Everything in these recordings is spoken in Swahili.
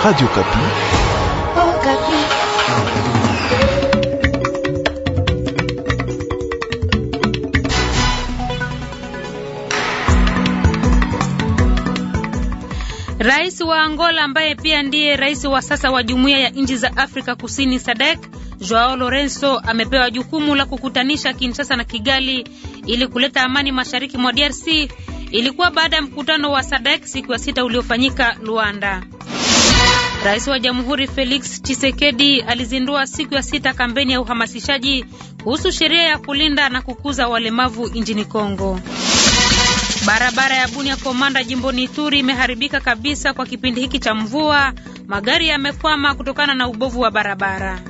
Radio Kapi. Oh, Kapi. Rais wa Angola ambaye pia ndiye rais wa sasa wa Jumuiya ya Nchi za Afrika Kusini SADC, Joao Lorenzo amepewa jukumu la kukutanisha Kinshasa na Kigali ili kuleta amani mashariki mwa DRC. Ilikuwa baada ya mkutano wa SADC siku ya sita uliofanyika Luanda. Rais wa Jamhuri Felix Tshisekedi alizindua siku ya sita kampeni ya uhamasishaji kuhusu sheria ya kulinda na kukuza walemavu nchini Kongo. Barabara ya Bunia Komanda jimboni Ituri imeharibika kabisa kwa kipindi hiki cha mvua. Magari yamekwama kutokana na ubovu wa barabara.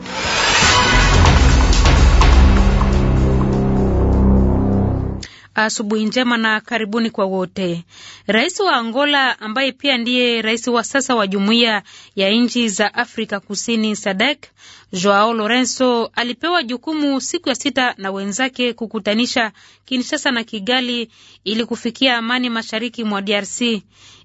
Asubuhi njema na karibuni kwa wote. Rais wa Angola ambaye pia ndiye rais wa sasa wa Jumuiya ya Nchi za Afrika Kusini SADC, Joao Lorenzo alipewa jukumu siku ya sita na wenzake kukutanisha Kinshasa na Kigali ili kufikia amani mashariki mwa DRC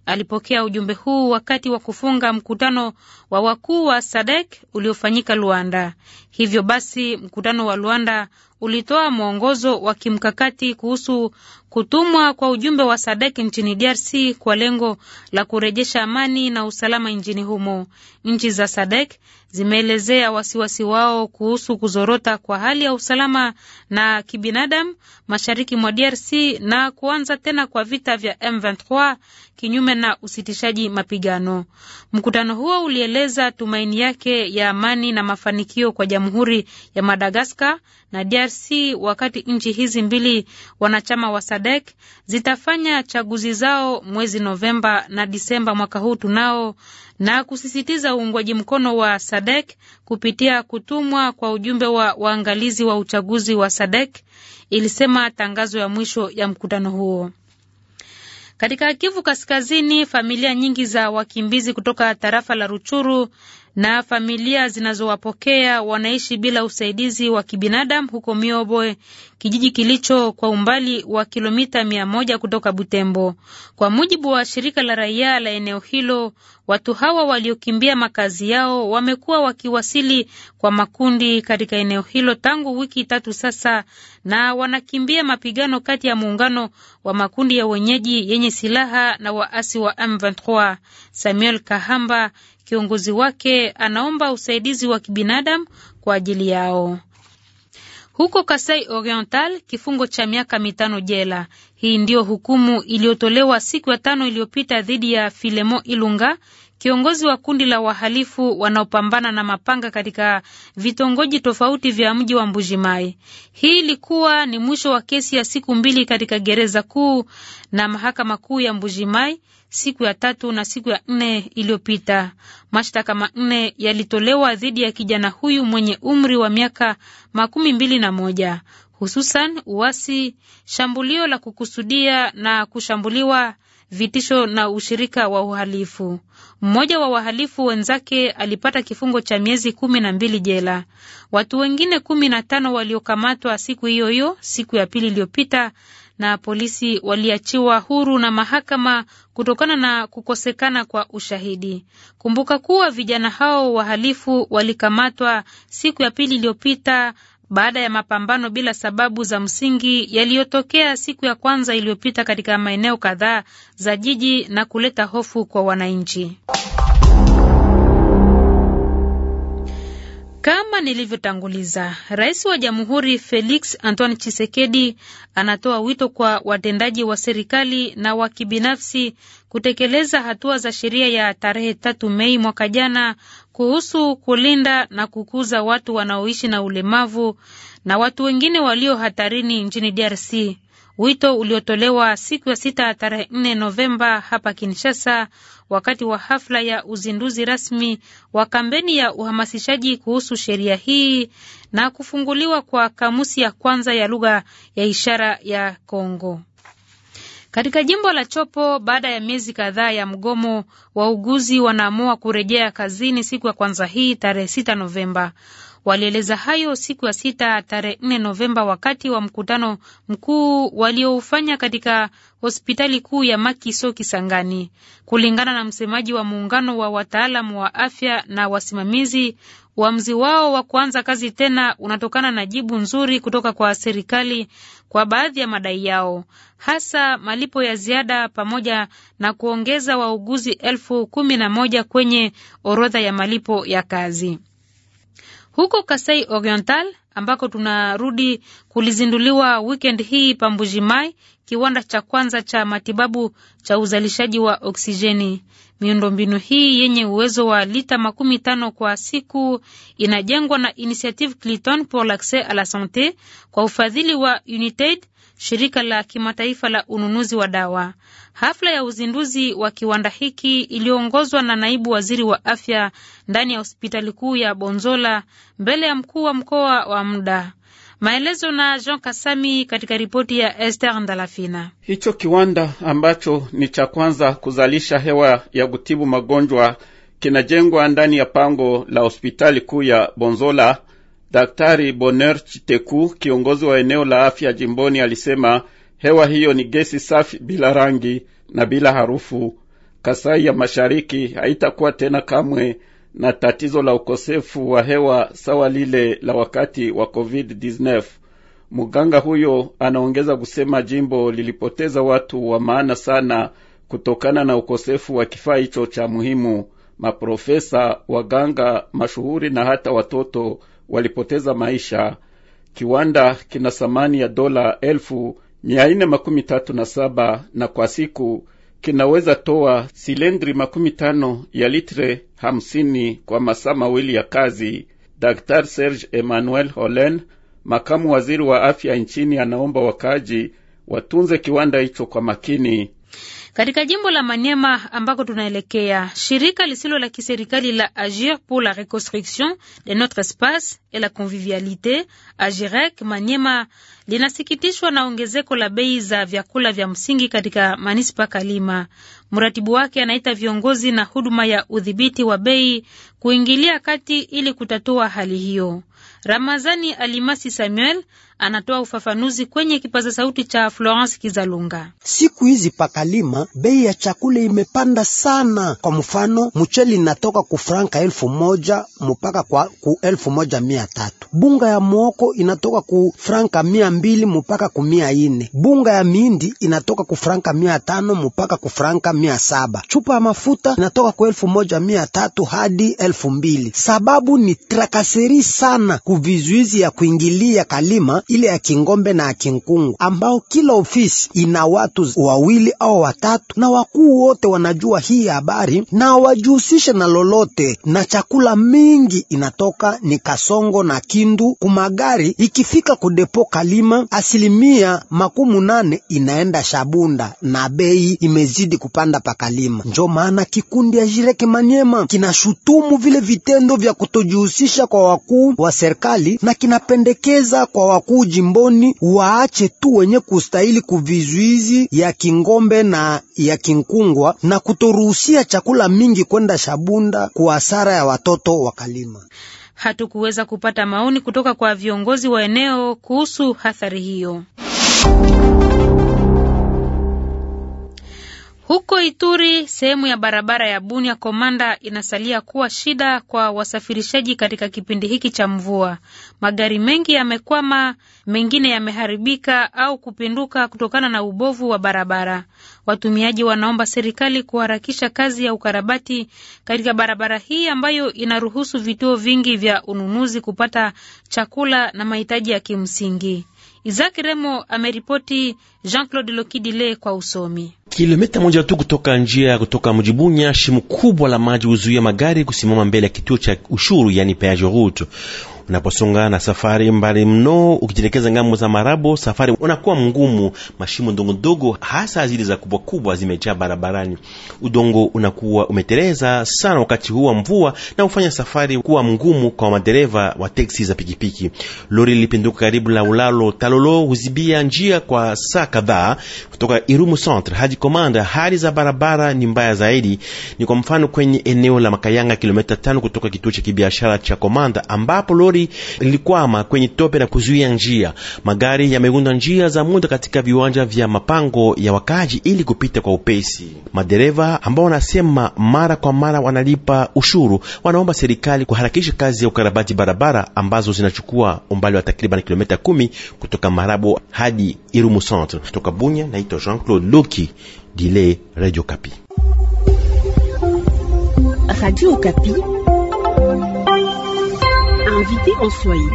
alipokea ujumbe huu wakati wa kufunga mkutano wa wakuu wa sadek uliofanyika Luanda. Hivyo basi, mkutano wa Luanda ulitoa mwongozo wa kimkakati kuhusu kutumwa kwa ujumbe wa SADEK nchini DRC kwa lengo la kurejesha amani na usalama nchini humo. Nchi za SADEK zimeelezea wasiwasi wao kuhusu kuzorota kwa hali ya usalama na kibinadamu mashariki mwa DRC na kuanza tena kwa vita vya M23 kinyume na usitishaji mapigano. Mkutano huo ulieleza tumaini yake ya amani na mafanikio kwa Jamhuri ya Madagaskar na DRC wakati nchi hizi mbili wanachama wa SADC zitafanya chaguzi zao mwezi Novemba na Disemba mwaka huu tunao na kusisitiza uungwaji mkono wa SADC SADEK kupitia kutumwa kwa ujumbe wa waangalizi wa uchaguzi wa SADEK, ilisema tangazo ya mwisho ya mkutano huo. Katika Kivu Kaskazini, familia nyingi za wakimbizi kutoka tarafa la Ruchuru na familia zinazowapokea wanaishi bila usaidizi wa kibinadamu huko Mioboe, kijiji kilicho kwa umbali wa kilomita mia moja kutoka Butembo. Kwa mujibu wa shirika la raia la eneo hilo, watu hawa waliokimbia makazi yao wamekuwa wakiwasili kwa makundi katika eneo hilo tangu wiki tatu sasa, na wanakimbia mapigano kati ya muungano wa makundi ya wenyeji yenye silaha na waasi wa M23. Samuel Kahamba, kiongozi wake, anaomba usaidizi wa kibinadamu kwa ajili yao. Huko Kasai Oriental kifungo cha miaka mitano jela. Hii ndiyo hukumu iliyotolewa siku ya tano iliyopita dhidi ya Filemo Ilunga kiongozi wa kundi la wahalifu wanaopambana na mapanga katika vitongoji tofauti vya mji wa Mbujimai. Hii ilikuwa ni mwisho wa kesi ya siku mbili katika gereza kuu na mahakama kuu ya Mbujimai siku ya tatu na siku ya nne iliyopita. Mashtaka manne yalitolewa dhidi ya kijana huyu mwenye umri wa miaka makumi mbili na moja, hususan uasi, shambulio la kukusudia na kushambuliwa vitisho na ushirika wa uhalifu. Mmoja wa wahalifu wenzake alipata kifungo cha miezi kumi na mbili jela. Watu wengine kumi na tano waliokamatwa siku hiyo hiyo, siku ya pili iliyopita, na polisi waliachiwa huru na mahakama kutokana na kukosekana kwa ushahidi. Kumbuka kuwa vijana hao wahalifu walikamatwa siku ya pili iliyopita baada ya mapambano bila sababu za msingi yaliyotokea siku ya kwanza iliyopita katika maeneo kadhaa za jiji na kuleta hofu kwa wananchi. Kama nilivyotanguliza, rais wa jamhuri Felix Antoine Chisekedi anatoa wito kwa watendaji wa serikali na wa kibinafsi kutekeleza hatua za sheria ya tarehe tatu Mei mwaka jana kuhusu kulinda na kukuza watu wanaoishi na ulemavu na watu wengine walio hatarini nchini DRC wito uliotolewa siku ya sita tarehe nne Novemba hapa Kinshasa wakati wa hafla ya uzinduzi rasmi wa kampeni ya uhamasishaji kuhusu sheria hii na kufunguliwa kwa kamusi ya kwanza ya lugha ya ishara ya Kongo. Katika jimbo la Chopo, baada ya miezi kadhaa ya mgomo, wauguzi wanaamua kurejea kazini siku ya kwanza hii tarehe sita Novemba. Walieleza hayo siku ya sita tarehe 4 Novemba wakati wa mkutano mkuu walioufanya katika hospitali kuu ya Makiso Kisangani. Kulingana na msemaji wa muungano wa wataalamu wa afya na wasimamizi, uamuzi wao wa kuanza kazi tena unatokana na jibu nzuri kutoka kwa serikali kwa baadhi ya madai yao, hasa malipo ya ziada pamoja na kuongeza wauguzi elfu kumi na moja kwenye orodha ya malipo ya kazi. Huko Kasai Oriental ambako tunarudi kulizinduliwa weekend hii mai kiwanda cha kwanza cha matibabu cha uzalishaji wa oksijeni. Miundombinu hii yenye uwezo wa lita makumi tano kwa siku inajengwa na Initiative Clinton pour l'acces a la Santé kwa ufadhili wa United, shirika la kimataifa la ununuzi wa dawa. Hafla ya uzinduzi wa kiwanda hiki iliyoongozwa na naibu waziri wa afya ndani ya hospitali kuu ya Bonzola mbele ya mkuu wa mkoa wa muda Maelezo na Jean Kasami katika ripoti ya Esther Ndalafina. Hicho kiwanda ambacho ni cha kwanza kuzalisha hewa ya kutibu magonjwa kinajengwa ndani ya pango la hospitali kuu ya Bonzola. Daktari Boner Chiteku, kiongozi wa eneo la afya jimboni, alisema hewa hiyo ni gesi safi bila rangi na bila harufu. Kasai ya Mashariki haitakuwa tena kamwe na tatizo la ukosefu wa hewa sawa lile la wakati wa COVID-19. Mganga huyo anaongeza kusema jimbo lilipoteza watu wa maana sana kutokana na ukosefu wa kifaa hicho cha muhimu. Maprofesa, waganga mashuhuri na hata watoto walipoteza maisha. Kiwanda kina thamani ya dola elfu mia nne makumi tatu na saba na kwa siku kinaweza toa silindri makumi tano ya litre hamsini kwa masaa mawili ya kazi. Dr. Serge Emmanuel Holen, makamu waziri wa afya nchini, anaomba wakaaji watunze kiwanda hicho kwa makini. Katika jimbo la manyema ambako tunaelekea, shirika lisilo la kiserikali la Agir pour la reconstruction de notre espace et la convivialité Agirec manyema linasikitishwa na ongezeko la bei za vyakula vya msingi katika manispa Kalima. Mratibu wake anaita viongozi na huduma ya udhibiti wa bei kuingilia kati ili kutatua hali hiyo. Ramazani Alimasi Samuel anatoa ufafanuzi kwenye kipaza sauti cha Florence Kizalunga. Siku hizi pakalima bei ya chakula imepanda sana. Kwa mfano, mcheli inatoka ku franka elfu moja mpaka kwa ku elfu moja mia tatu. Bunga ya mwoko inatoka ku franka mia mbili mpaka ku mia ine. Bunga ya mindi inatoka ku franka mia tano mpaka ku franka mia saba. Chupa ya mafuta inatoka ku elfu moja mia tatu hadi elfu mbili. Sababu ni trakaseri sana kuvizuizi ya kuingilia kalima ile ya Kingombe na ya Kinkungu, ambao kila ofisi ina watu wawili au watatu, na wakuu wote wanajua hii habari na hawajihusishe na lolote. Na chakula mingi inatoka ni Kasongo na Kindu kumagari, ikifika kudepo Kalima asilimia makumu nane inaenda Shabunda na bei imezidi kupanda pakalima. Njo maana kikundi ya Jireke Manyema kinashutumu vile vitendo vya kutojihusisha kwa wakuu wa serikali na kinapendekeza kwa wakuu wakuu jimboni waache tu wenye kustahili kuvizuizi ya Kingombe na ya Kinkungwa na kutoruhusia chakula mingi kwenda Shabunda kwa hasara ya watoto wakalima. Hatukuweza kupata maoni kutoka kwa viongozi wa eneo kuhusu athari hiyo. Huko Ituri, sehemu ya barabara ya Bunia Komanda inasalia kuwa shida kwa wasafirishaji katika kipindi hiki cha mvua. Magari mengi yamekwama, mengine yameharibika au kupinduka kutokana na ubovu wa barabara. Watumiaji wanaomba serikali kuharakisha kazi ya ukarabati katika barabara hii ambayo inaruhusu vituo vingi vya ununuzi kupata chakula na mahitaji ya kimsingi. Izaki Remo ameripoti. Jean-Claude Lokidile kwa usomi. Kilomita moja tu kutoka njia kutoka Mjibunya, shimo kubwa la maji huzuia magari kusimama mbele ya kituo cha ushuru, yani peage route. Unaposonga na safari mbali mno, ukijielekeza ngambo za Marabo, safari unakuwa mgumu. Mashimo ndogo ndogo, hasa zile za kubwa kubwa, zimejaa barabarani. Udongo unakuwa umetereza sana wakati huu wa mvua na ufanya safari kuwa mgumu kwa madereva wa teksi za pikipiki. Lori lilipinduka karibu la ulalo Talolo, huzibia njia kwa saa kadhaa kutoka Irumu Centre hadi Komanda, hali za barabara ni mbaya zaidi. Ni kwa mfano kwenye eneo la Makayanga, kilomita tano kutoka kituo cha kibiashara cha Komanda, ambapo lori lilikwama kwenye tope na kuzuia njia. Magari yameunda njia za muda katika viwanja vya mapango ya wakaji ili kupita kwa upesi. Madereva ambao wanasema mara kwa mara wanalipa ushuru wanaomba serikali kuharakisha kazi ya ukarabati barabara ambazo zinachukua umbali wa takriban kilomita kumi kutoka Marabo hadi Irumu Centre. Kutoka Bunya, naitwa Jean-Claude Loki dile Radio Kapi. Radio Kapi. Invité en Swahili.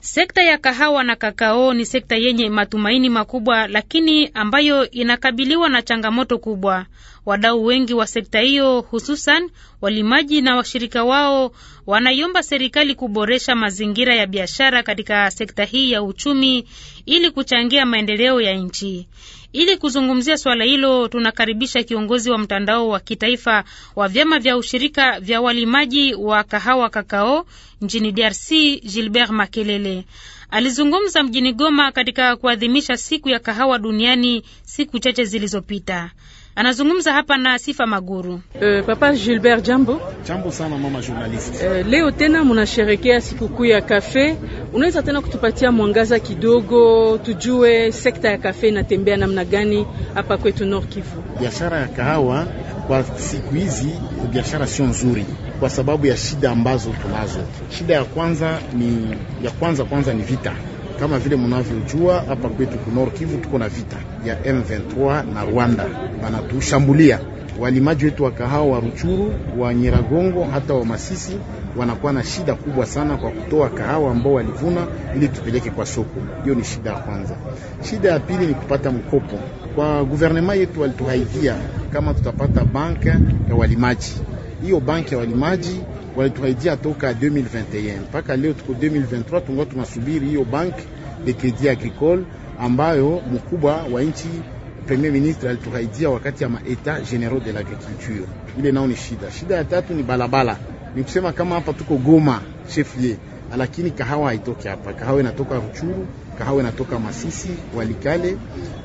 Sekta ya kahawa na kakao ni sekta yenye matumaini makubwa lakini ambayo inakabiliwa na changamoto kubwa. Wadau wengi wa sekta hiyo, hususan walimaji na washirika wao, wanaiomba serikali kuboresha mazingira ya biashara katika sekta hii ya uchumi ili kuchangia maendeleo ya nchi. Ili kuzungumzia swala hilo, tunakaribisha kiongozi wa mtandao wa kitaifa wa vyama vya ushirika vya walimaji wa kahawa kakao nchini DRC, Gilbert Makelele. Alizungumza mjini Goma katika kuadhimisha siku ya kahawa duniani siku chache zilizopita. Anazungumza hapa na Sifa Maguru. Uh, Papa Gilbert, jambo. Jambo sana mama journalist. Uh, leo tena munasherekea sikukuu ya kafe. Unaweza tena kutupatia mwangaza kidogo tujue sekta ya kafe inatembea namna gani hapa kwetu Nord Kivu? Biashara ya kahawa kwa siku hizi biashara sio nzuri kwa sababu ya shida ambazo tunazo. Shida ya kwanza ni ya kwanza kwanza ni vita kama vile mnavyojua hapa kwetu ku Kivu tuko na vita ya M23 na Rwanda, wanatushambulia walimaji wetu wa kahawa wa Ruchuru, wa Nyiragongo, hata wa Masisi wanakuwa na shida kubwa sana kwa kutoa kahawa ambao walivuna ili tupeleke kwa soko. Hiyo ni shida ya kwanza. Shida ya pili ni kupata mkopo kwa guvernema yetu, walituhaidia kama tutapata banka ya walimaji hiyo banki ya walimaji walituaidia toka 2021 mpaka leo tuko 2023, tungo tunasubiri hiyo banki de credit agricole ambayo mkubwa wa nchi premier ministre alituaidia wakati ya maeta general de l'agriculture. Ile nao ni shida. Shida ya tatu ni balabala, ni kusema kama hapa tuko Goma cheflier, lakini kahawa haitoki hapa. Kahawa inatoka Ruchuru, kahawa inatoka Masisi, Walikale,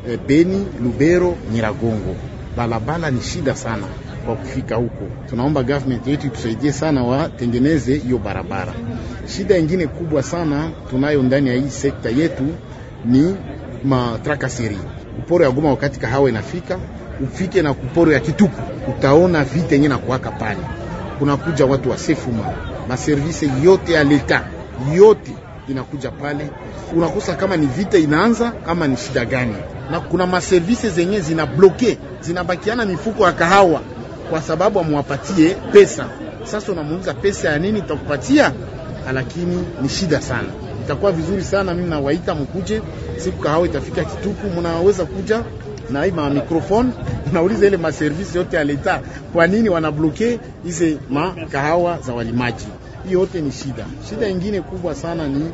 eh, Beni, Lubero, Nyiragongo. Balabala ni shida sana kwa kufika huko. Tunaomba government yetu itusaidie sana, watengeneze hiyo barabara. Shida ingine kubwa sana tunayo ndani ya hii sekta yetu ni matrakaseri, uporo ya goma. Wakati kahawa inafika ufike na kuporo ya kituku, utaona vita yenyewe nakuwaka pale, kunakuja watu wa sefuma, maservisi yote ya leta yote inakuja pale, unakosa kama ni vita inaanza ama ni shida gani, na kuna maservisi zenye zinabloke zinabakiana mifuko ya kahawa kwa sababu amwapatie pesa. Sasa unamuuliza pesa ya nini itakupatia, lakini ni shida sana. Itakuwa vizuri sana, mimi nawaita mkuje, siku kahawa itafika kituku, mnaweza kuja na hii ma microphone ile maservisi yote ya leta, kwa nini wanabloke hizi makahawa za walimaji? Hiyo yote ni shida. Shida ingine kubwa sana ni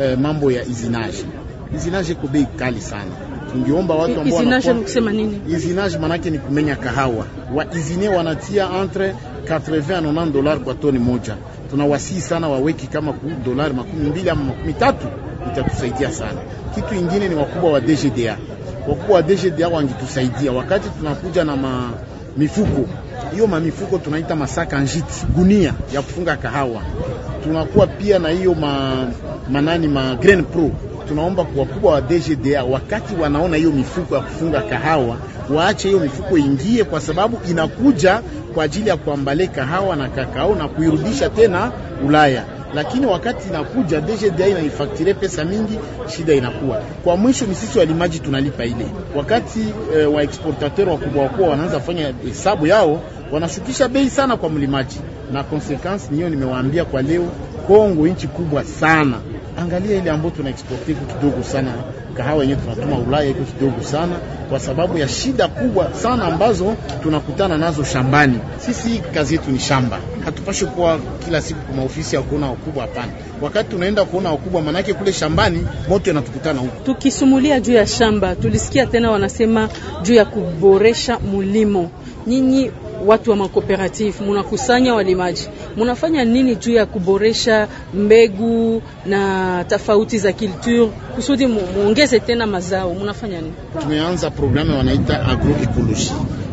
eh, mambo ya izinaji. Izinaji kubei kali sana tungiomba watu ambao wanasema kusema nini izinage, manake ni kumenya kahawa wa izine wanatia entre 80 na 90 dollars kwa toni moja. Tunawasii sana waweki kama ku dolari makumi mbili ama makumi tatu, itatusaidia sana. Kitu ingine ni wakubwa wa DGDA, wakubwa wa DGDA wangitusaidia wakati tunakuja na ma, mifuko hiyo mamifuko tunaita masaka njiti gunia ya kufunga kahawa. Tunakuwa pia na hiyo ma, manani ma Grain Pro tunaomba kwa wakubwa wa DGDA, wakati wanaona hiyo mifuko ya kufunga kahawa, waache hiyo mifuko ingie, kwa sababu inakuja kwa ajili ya kuambale kahawa na kakao na kuirudisha tena Ulaya lakini wakati inakuja DGDA inaifaktire pesa mingi, shida inakuwa kwa mwisho. Ni sisi walimaji tunalipa ile. Wakati e, wa exportateur wakubwa wakubwa wanaanza fanya hesabu yao, wanashukisha bei sana kwa mlimaji, na consequence niyo nimewaambia kwa leo. Kongo nchi kubwa sana angalia ile ambayo tuna exporti iko kidogo sana, kahawa yenyewe tunatuma Ulaya iko kidogo sana, kwa sababu ya shida kubwa sana ambazo tunakutana nazo shambani. Sisi kazi yetu ni shamba, hatupashi kuwa kila siku kwa maofisi ya kuona wakubwa, hapana. Wakati tunaenda kuona wakubwa, manake kule shambani moto yanatukutana huko. Tukisumulia juu ya shamba, tulisikia tena wanasema juu ya kuboresha mulimo, nyinyi watu wa makooperative munakusanya walimaji, munafanya nini juu ya kuboresha mbegu na tofauti za culture kusudi muongeze tena mazao? Munafanya nini? Tumeanza programu wanaita agroecology.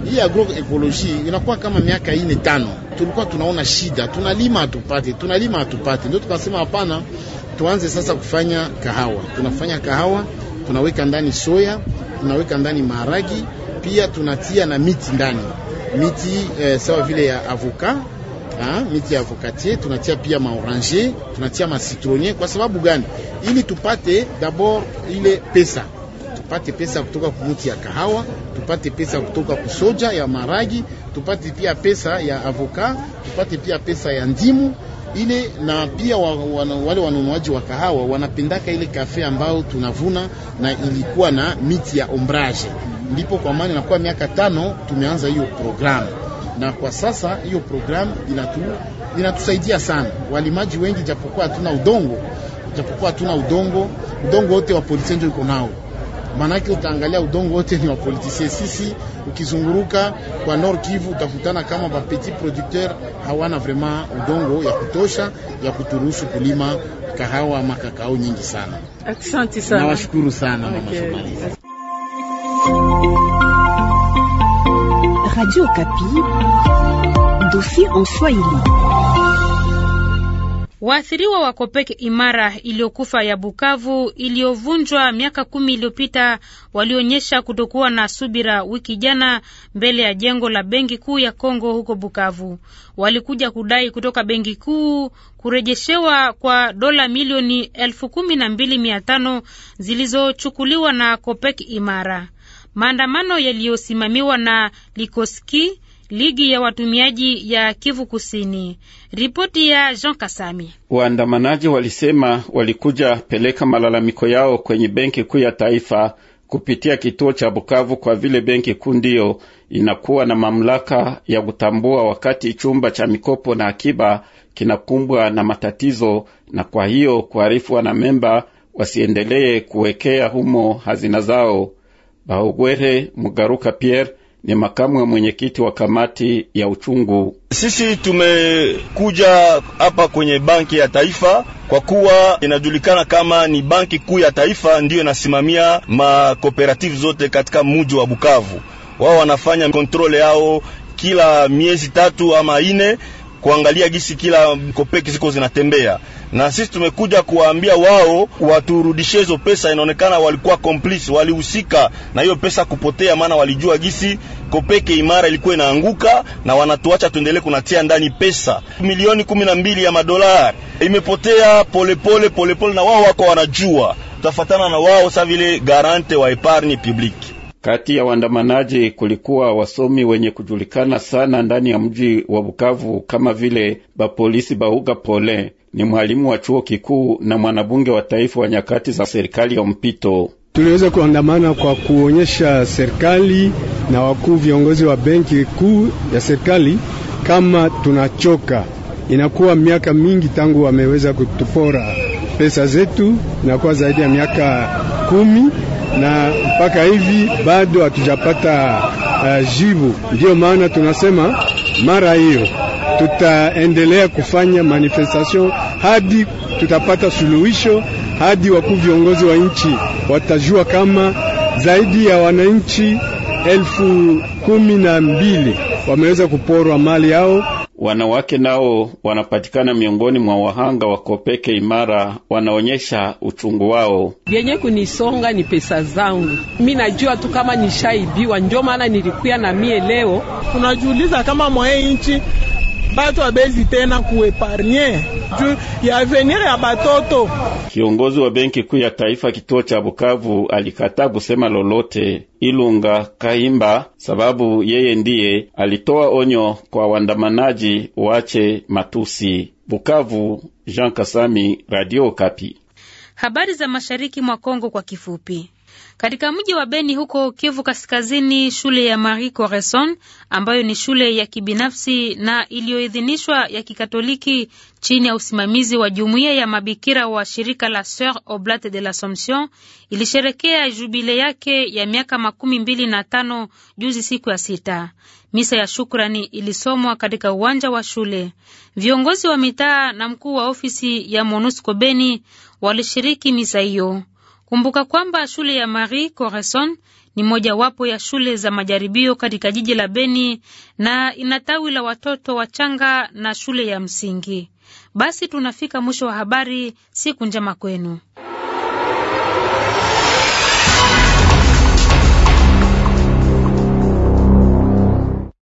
Hii agroecology inakuwa kama miaka ine tano, tulikuwa tunaona shida, tunalima hatupate, tunalima hatupate, ndio tukasema hapana, tuanze sasa kufanya kahawa. Tunafanya kahawa, tunaweka ndani soya, tunaweka ndani maharagi, pia tunatia na miti ndani miti eh, sawa vile ya avoka Ha, miti ya avokatie tunatia pia maorange tunatia masitronye. Kwa sababu gani? Ili tupate dabord ile pesa, tupate pesa kutoka kumuti ya kahawa, tupate pesa kutoka kusoja ya maragi, tupate pia pesa ya avoka, tupate pia pesa ya ndimu ile na pia wa, wa, wale wanunuaji wa kahawa wanapendaka ile kafe ambao tunavuna na ilikuwa na miti ya ombrage ndipo kwa maana inakuwa miaka tano tumeanza hiyo programu, na kwa sasa hiyo programu inatu, inatusaidia sana walimaji wengi, japokuwa hatuna udongo japokuwa hatuna udongo, udongo wote wa politisien ndio uko nao Manake utaangalia udongo wote ni wapolitisien. Sisi ukizunguruka kwa Nord Kivu utakutana kama ba petit producteur hawana vraiment udongo ya kutosha ya kuturuhusu kulima kahawa makakao nyingi sana. Asante sana, nawashukuru sana mama okay. Radio Kapi, dossier en Swahili. Waathiriwa wa Kopek Imara iliyokufa ya Bukavu iliyovunjwa miaka kumi iliyopita walionyesha kutokuwa na subira wiki jana mbele ya jengo la Benki Kuu ya Kongo huko Bukavu. Walikuja kudai kutoka Benki Kuu kurejeshewa kwa dola milioni elfu kumi na mbili mia tano zilizochukuliwa na Kopek Imara maandamano yaliyosimamiwa na Likoski, ligi ya watumiaji ya Kivu Kusini. Ripoti ya Jean Kasami. Waandamanaji walisema walikuja peleka malalamiko yao kwenye benki kuu ya taifa kupitia kituo cha Bukavu kwa vile benki kuu ndiyo inakuwa na mamlaka ya kutambua wakati chumba cha mikopo na akiba kinakumbwa na matatizo, na kwa hiyo kuharifu wanamemba wasiendelee kuwekea humo hazina zao baogwere Mugaruka Pierre ni makamu wa mwenyekiti wa kamati ya uchungu. Sisi tumekuja hapa kwenye banki ya taifa kwa kuwa inajulikana kama ni banki kuu ya taifa, ndiyo inasimamia makooperative zote katika muji wa Bukavu. Wao wanafanya kontrole yao kila miezi tatu ama ine kuangalia gisi kila kopeki ziko zinatembea, na sisi tumekuja kuwaambia wao waturudishie hizo pesa. Inaonekana walikuwa complice, walihusika na hiyo pesa kupotea, maana walijua gisi kopeke imara ilikuwa inaanguka, na wanatuacha tuendelee kunatia ndani pesa milioni kumi na mbili ya madolari imepotea polepole polepole pole, na wao wako wanajua, tutafatana na wao saa vile garante wa epargne publique kati ya waandamanaji kulikuwa wasomi wenye kujulikana sana ndani ya mji wa Bukavu kama vile bapolisi Bauga Pole, ni mwalimu wa chuo kikuu na mwanabunge wa taifa wa nyakati za serikali ya mpito. Tuliweza kuandamana kwa kuonyesha serikali na wakuu viongozi wa benki kuu ya serikali kama tunachoka. Inakuwa miaka mingi tangu wameweza kutupora pesa zetu, inakuwa zaidi ya miaka kumi na mpaka hivi bado hatujapata uh, jibu. Ndiyo maana tunasema mara hiyo tutaendelea kufanya manifestation hadi tutapata suluhisho, hadi wakuu viongozi wa nchi watajua kama zaidi ya wananchi elfu kumi na mbili wameweza kuporwa mali yao Wanawake nao wanapatikana miongoni mwa wahanga wa Kopeke Imara, wanaonyesha uchungu wao. Vyenye kunisonga ni pesa zangu, mi najua tu kama nishaibiwa, ndio maana nilikuya na mie leo. Unajiuliza kama mwaye nchi batu abezi tena kueparnye juu ya avenir ya batoto. Kiongozi wa benki kuu ya taifa kituo cha Bukavu alikataa kusema lolote Ilunga Kaimba sababu yeye ndiye alitoa onyo kwa waandamanaji wache matusi. Bukavu, Jean Kasami, Radio Kapi. Habari za mashariki mwa Kongo kwa kifupi. Katika mji wa Beni huko Kivu Kaskazini, shule ya Marie Coreson ambayo ni shule ya kibinafsi na iliyoidhinishwa ya Kikatoliki chini ya usimamizi wa jumuiya ya mabikira wa shirika la Sœurs Oblates de l'Assomption ilisherekea jubile yake ya miaka makumi mbili na tano juzi siku ya sita. Misa ya shukrani ilisomwa katika uwanja wa shule. Viongozi wa mitaa na mkuu wa ofisi ya MONUSCO Beni walishiriki misa hiyo. Kumbuka kwamba shule ya Marie Corazon ni mojawapo ya shule za majaribio katika jiji la Beni na ina tawi la watoto wachanga na shule ya msingi. Basi tunafika mwisho wa habari. Siku njema kwenu.